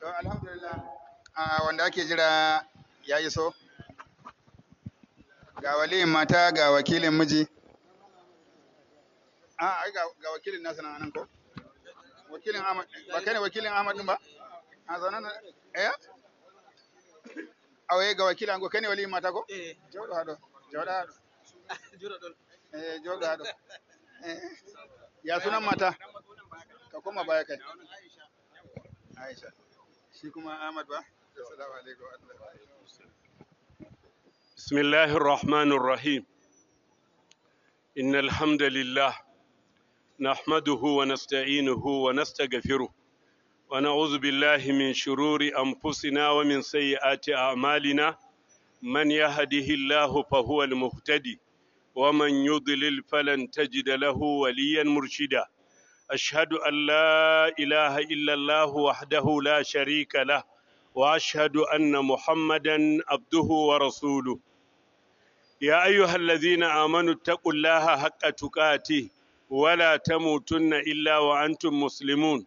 To wanda ake jira ya iso ga waliyin mata ga wakilin miji ga wakilin nan ko wakilin Ahmad ba kai ne wakilin Ahmad ba a zaune eh awe ga wakila ngo kani wali mata ko joɗo haɗo joɗa haɗo joɗo haɗo ya sunan mata ka koma baya kai aisha shi kuma ahmad ba assalamu alaikum بسم الله الرحمن الرحيم إن الحمد لله نحمده ونستعينه ونستغفره ونعوذ بالله من شرور أنفسنا ومن سيئات أعمالنا من يهده الله فهو المهتدي ومن يضلل فلن تجد له وليا مرشدا أشهد أن لا إله إلا الله وحده لا شريك له وأشهد أن محمدا عبده ورسوله يا أيها الذين آمنوا اتقوا الله حق تقاته ولا تموتن إلا وأنتم مسلمون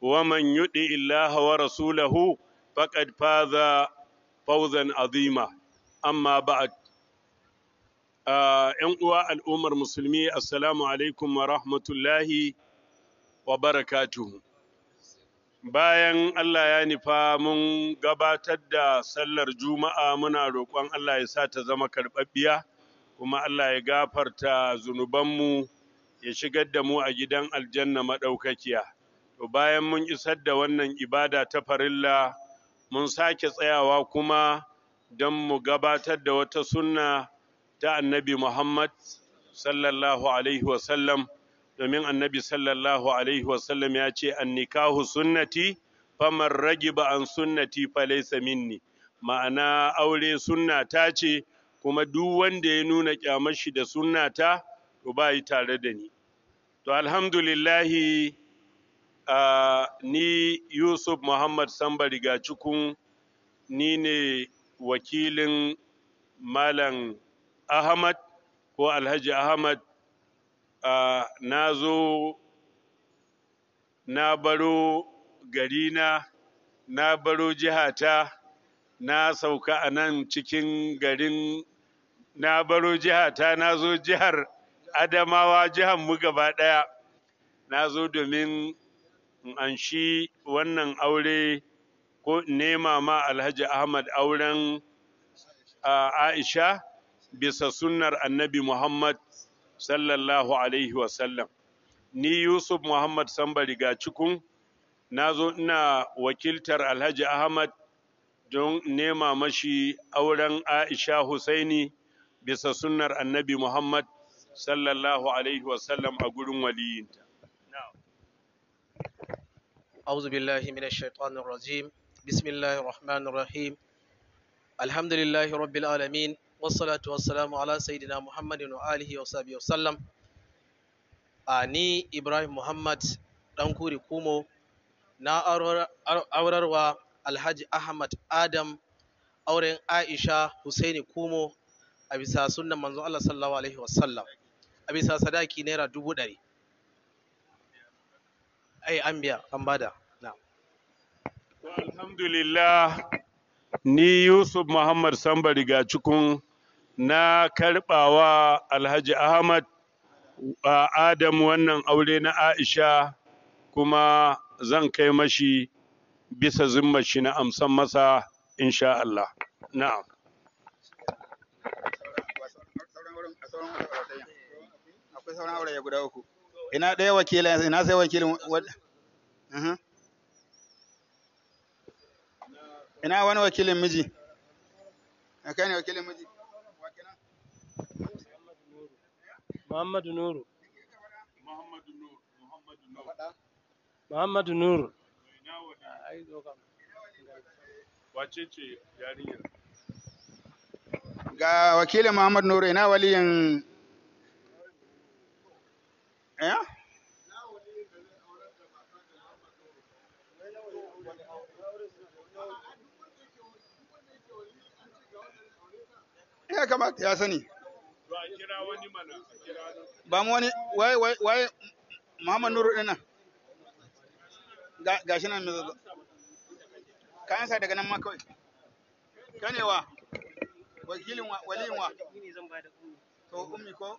ومن يطع الله ورسوله فقد فاز فوزا عظيما اما بعد ‘yan uwa al'ummar musulmi assalamu alaikum wa rahmatullahi wa bayan Allah ya nufa mun gabatar da sallar juma'a muna roƙon Allah ya sa ta zama karɓaɓɓiya kuma Allah ya gafarta zunubanmu ya shigar da mu a gidan aljanna maɗaukakiya to bayan mun isar da wannan ibada ta farilla mun sake tsayawa kuma don mu gabatar da wata sunna ta annabi Muhammad sallallahu alaihi wasallam domin annabi sallallahu alaihi wasallam ya ce annikahu sunnati faman ragiba an sunnati falaysa minni ma'ana aure sunna ta ce kuma duk wanda ya nuna kyamar shi da sunnata to ba yi tare da ni to alhamdulillahi ni Yusuf Muhammad Samba Rigacikun ni ne wakilin Malam Ahmad ko Alhaji Ahmad A na zo na baro garina na baro jihata na sauka a nan cikin garin na baro jihata na zo jihar Adamawa jihar mu gaba ɗaya na zo domin in an shi wannan aure ko nema ma alhaji ahmad auren aisha bisa sunnar annabi muhammad sallallahu alaihi wasallam ni yusuf muhammad sambari ga cikun na zo ina wakiltar alhaji ahmad don nema mashi auren aisha husaini bisa sunnar annabi muhammad sallallahu alaihi wasallam a gurin waliyinta أعوذ بالله من الشيطان الرجيم بسم الله الرحمن الرحيم الحمد لله رب العالمين والصلاة والسلام على سيدنا محمد وآله وصحبه وسلم Ibrahim Muhammad ɗan kuri kumo na aurarwa Alhaji Ahmad Adam auren Aisha Husaini kumo a bisa sunnan manzon Allah sallallahu alaihi wasallam a bisa sadaki naira dubu ɗari ai an biya an bada alhamdulillah ni yusuf muhammad samba riga cikin na karbawa alhaji ahmad adam wannan aure na aisha kuma zan kai mashi bisa zimmar shi na amsan masa insha Allah na'am akwai sauran aure guda uku ina ɗaya wakilin ina sai wakilin uh-huh. ina wani wakilin miji a kai ne wakilin miji Muhammadu Nuru Muhammadu Nuru Muhammadu Nuru ah, yarinyar ga wakilin Muhammadu Nuru ina waliyin eh ya kamata ya sani ba mu wani waye waye Muhammad Nuru din ga shi nan mai ka ansa daga nan ma kawai kanewa wakilin waliyin wa to ummi ko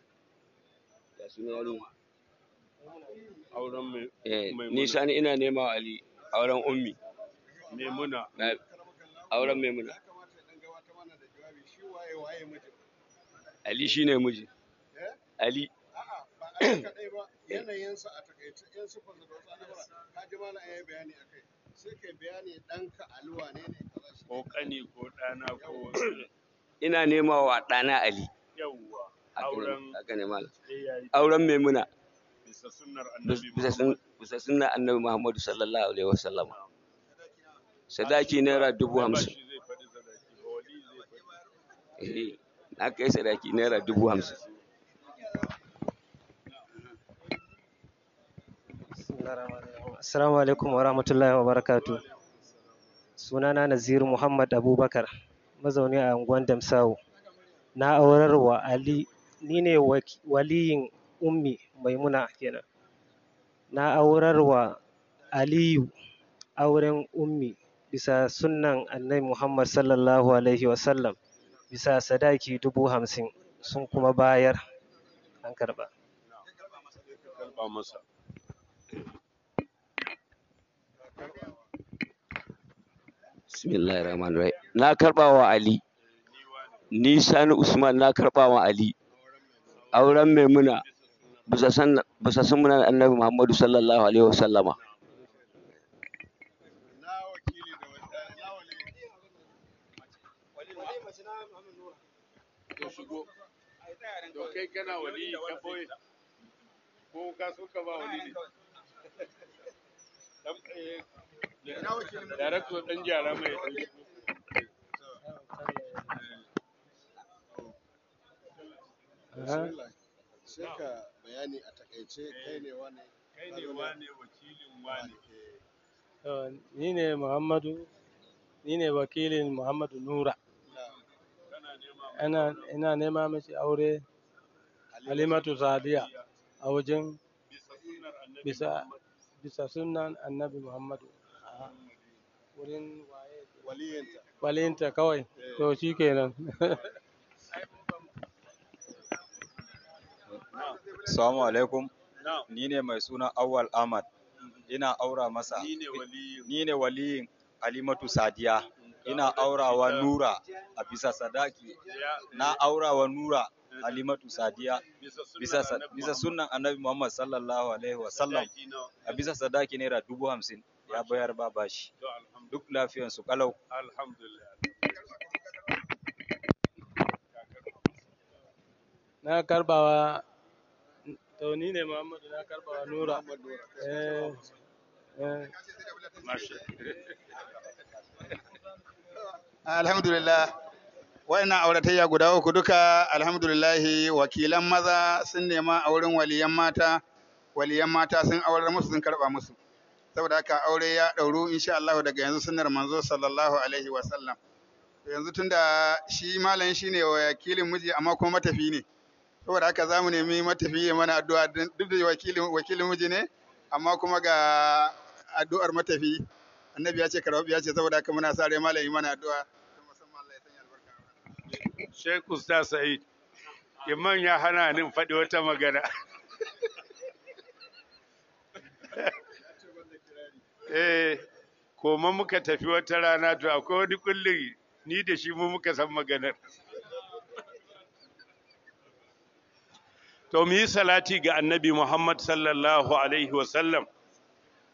Eh, ni Sani ina nema Ali auren ummi. Maimuna. Auren Maimuna. Ali shi ne miji. Eh? Ali. yanayinsa a takaice yan sufan da wasu al'amura ka ji mana ya bayani a kai sai kai bayani ɗanka aluwa ne ne ko kani ko ɗana ko ina nema wa ɗana ali yawwa auren maimuna bisa sunnar annabi muhammadu sallallahu alaihi wasallam sadaki naira dubu hamsin eh, na kai sadaki naira dubu hamsin Assalamu alaikum wa rahmatullahi wa barakatu. Sunana Naziru Muhammad Abubakar, mazauni a unguwar Damsawo. Na aurar wa Ali ni ne waliyin ummi maimuna kenan na aurar wa aliyu auren ummi bisa sunan annabi muhammad sallallahu alaihi wasallam bisa sadaki dubu hamsin sun kuma bayar an karba bismillahirrahmanirrahim na karba wa ali ni sani usman na karba wa ali auren Maimuna bisa sunnar Annabi Muhammadu sallallahu alaihi wasallama. Uh-huh. sai ka bayani a takaice eh, kai ne wane kai ne wane wakilin wane ni ne muhammadu ni ne wakilin muhammadu nura ina nema mace aure halimatu sadiya a wajen bisa bisa sunan annabi muhammadu wurin waliyinta kawai eh. to shi kenan Assalamu alaikum. Ni ne mai suna Awal Ahmad. Ina aura masa. Ni ne waliyin Alimatu Sadiya. Ina aurawa Nura a bisa sadaki. Na aurawa Nura eh. Alimatu Sadiya bisa sunan sunnan Annabi Muhammad sallallahu alaihi wa sallam. A bisa sadaki naira dubu hamsin ya bayar ba bashi. Duk su kalau. Na karbawa to ni ne Muhammadu na karba Nura. Eh, eh. alhamdulillah wayannan auratayya guda uku duka alhamdulillah. wakilan maza sun nema a wurin waliyan mata waliyan mata sun aurar musu sun karba musu saboda haka aure ya ɗauru insha Allah daga yanzu sunnar manzo sallallahu alaihi wa sallam yanzu tunda shi malam shi shine wakilin miji amma kuma matafi ne saboda haka za mu nemi matafiya mana addu'a duk da wakilin wakilin miji ne amma kuma ga addu'ar matafi annabi ya ce karabi ya ce saboda haka muna sa rai malami mana addu'a ya Sheikh Usta Said imam ya hana ni faɗi wata magana eh koma muka tafi wata rana to akwai wani kullum ni da shi mu muka san maganar to mu yi salati ga annabi Muhammad sallallahu alaihi wa sallam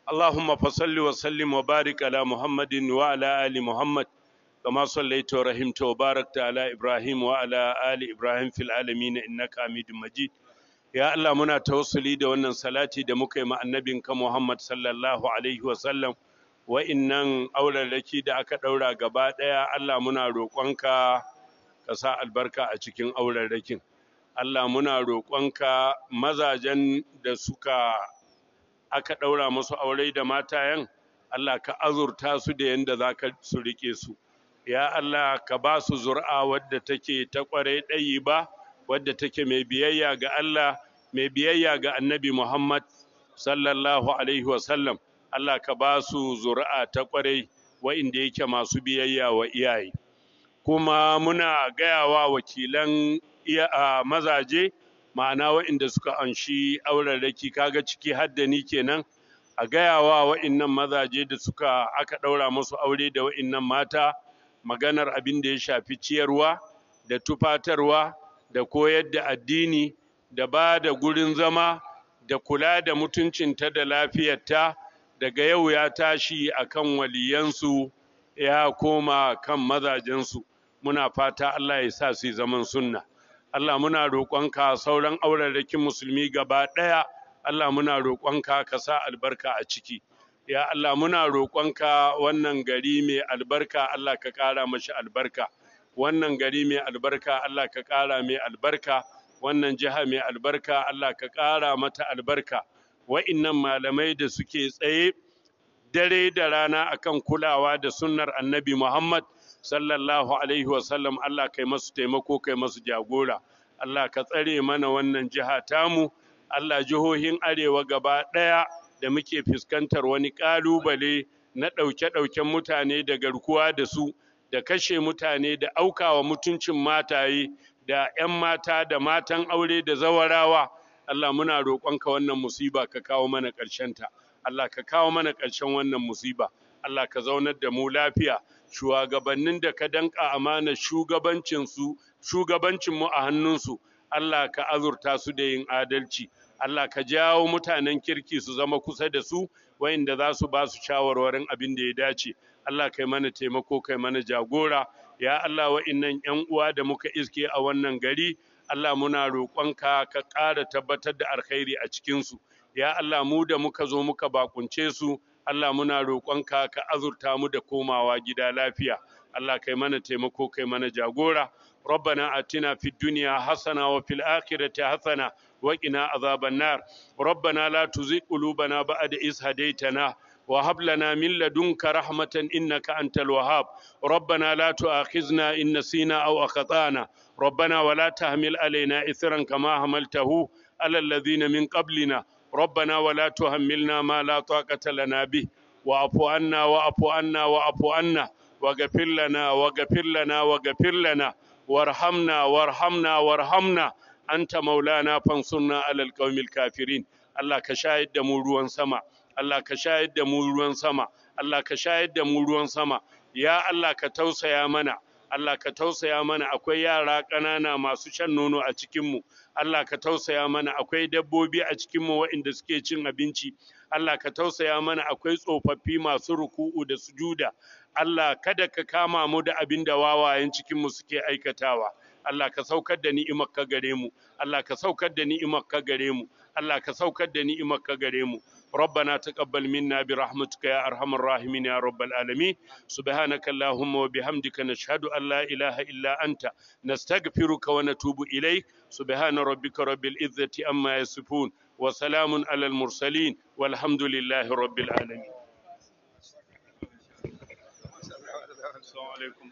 Allahumma fa salli wa sallim wa barik ala Muhammadin wa ala ali Muhammad kama sallaita wa rahimta wa barakta ala Ibrahim wa ala ali Ibrahim fil alamin innaka Hamidum Majid ya Allah muna tawassuli da wannan salati da muka yi ma annabinka Muhammad sallallahu alaihi wa sallam wa'innan auraraki da aka ɗaura gaba ɗaya Allah muna roƙonka ka sa albarka a cikin aurarrakin Allah muna roƙonka mazajen da suka aka ɗaura musu aure da matayen Allah ka azurta su da yadda za ka su riƙe su ya Allah ka ba su zur'a wadda take ta ƙwarai ɗayi ba wadda take mai biyayya ga Allah mai biyayya ga annabi Muhammad sallallahu alaihi wasallam Allah ka ba su zur'a ta ƙwarai wa'inda yake masu biyayya wa iyaye kuma muna gayawa wakilan iya a mazaje ma'ana waɗanda suka anshi aurarraki kaga ciki hadda ni kenan a gayawa wa'innan mazaje da suka aka ɗaura musu aure da waɗannan mata maganar abin da ya shafi ciyarwa da tufatarwa da koyar da addini da ba da gurin zama da kula da mutuncinta da lafiyarta daga yau ya tashi a kan waliyansu ya koma kan mazajensu muna fata Allah ya sa su yi zaman sunna Allah muna roƙonka sauran aurarrakin musulmi gaba ɗaya Allah muna roƙonka ka sa albarka a ciki ya Allah muna roƙonka wannan gari mai albarka Allah ka ƙara mashi albarka wannan gari mai albarka Allah ka ƙara mai albarka wannan jiha mai albarka Allah ka ƙara mata albarka wa'innan malamai da suke tsaye dare da rana akan kulawa da sunnar annabi Muhammad sallallahu alaihi wasallam Allah kai masu taimako kai masu jagora Allah ka tsare mana wannan jiha tamu Allah jihohin arewa gaba ɗaya da muke fuskantar wani ƙalubale na ɗauke-ɗauken mutane da garkuwa da su da kashe mutane da aukawa mutuncin mataye da 'yan mata da matan aure da zawarawa Allah muna roƙonka wannan musiba ka kawo mana ƙarshenta Allah ka kawo mana ƙarshen wannan musiba Allah ka zaunar da mu lafiya shugabannin da ka danka amana shugabancinsu shugabancinmu a hannunsu Allah ka azurta su da yin adalci Allah ka jawo mutanen kirki su zama kusa da su wayanda za su ba su shawarwarin abin da ya dace Allah kai mana taimako kai mana jagora ya Allah wa'innan ƴan uwa da muka iske a wannan gari Allah muna roƙonka ka ƙara tabbatar da alkhairi a cikinsu ya Allah mu da muka zo muka bakunce su Allah muna roƙonka ka azurta mu da komawa gida lafiya Allah kai mana taimako kai mana jagora ربنا آتنا في الدنيا حسنة وفي الآخرة حسنة وقنا عذاب النار ربنا لا تزغ قلوبنا بعد إذ هديتنا وهب لنا من لدنك رحمة إنك أنت الوهاب ربنا لا تؤاخذنا إن نسينا أو أخطأنا ربنا ولا تحمل علينا إثرا كما حملته على الذين من قبلنا ربنا ولا تهملنا ما لا طاقة لنا به واعف عنا واعف عنا واعف عنا واغفر لنا واغفر لنا واغفر لنا وارحمنا وارحمنا وارحمنا أنت مولانا فانصرنا على القوم الكافرين الله كشاهد دمو ruwan sama Allah ka shayar da mu ruwan sama Allah ka shayar da mu ruwan sama ya Allah ka tausaya mana Allah ka tausaya mana akwai yara ƙanana masu shan nono a cikinmu Allah ka tausaya mana akwai dabbobi a cikinmu waɗanda suke cin abinci Allah ka tausaya mana akwai tsofaffi masu ruku'u da sujuda Allah kada ka kama mu da abin da wawayen cikinmu suke aikatawa Allah ka saukar da ni'imar ka gare mu Allah ka saukar da ni'imar ka gare mu Allah ka saukar da ni'imar ka gare mu ربنا تقبل منا برحمتك يا أرحم الراحمين يا رب العالمين سبحانك اللهم وبحمدك نشهد أن لا إله إلا أنت نستغفرك ونتوب إليك سبحان ربك رب العزة أما يصفون وسلام على المرسلين والحمد لله رب العالمين السلام عليكم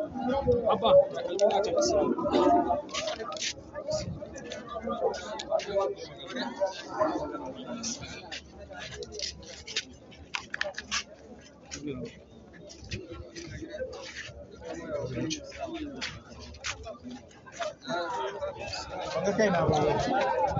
아빠 b a n g kai na ba.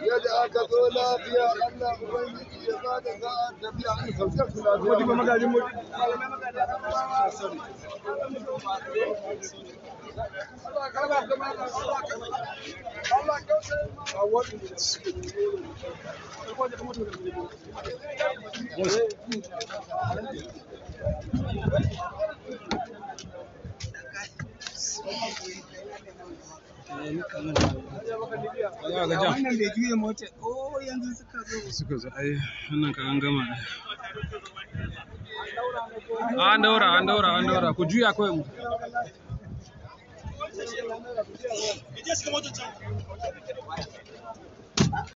يا ذولا فيا ألا أبيك يزادك أن تبيع من خلقك لا تبيع من خلقك Thank you. wannan bai juya mota oh yanzu suka zo suka zo ai wannan ka an gama an daura an daura an daura ku juya kawai mu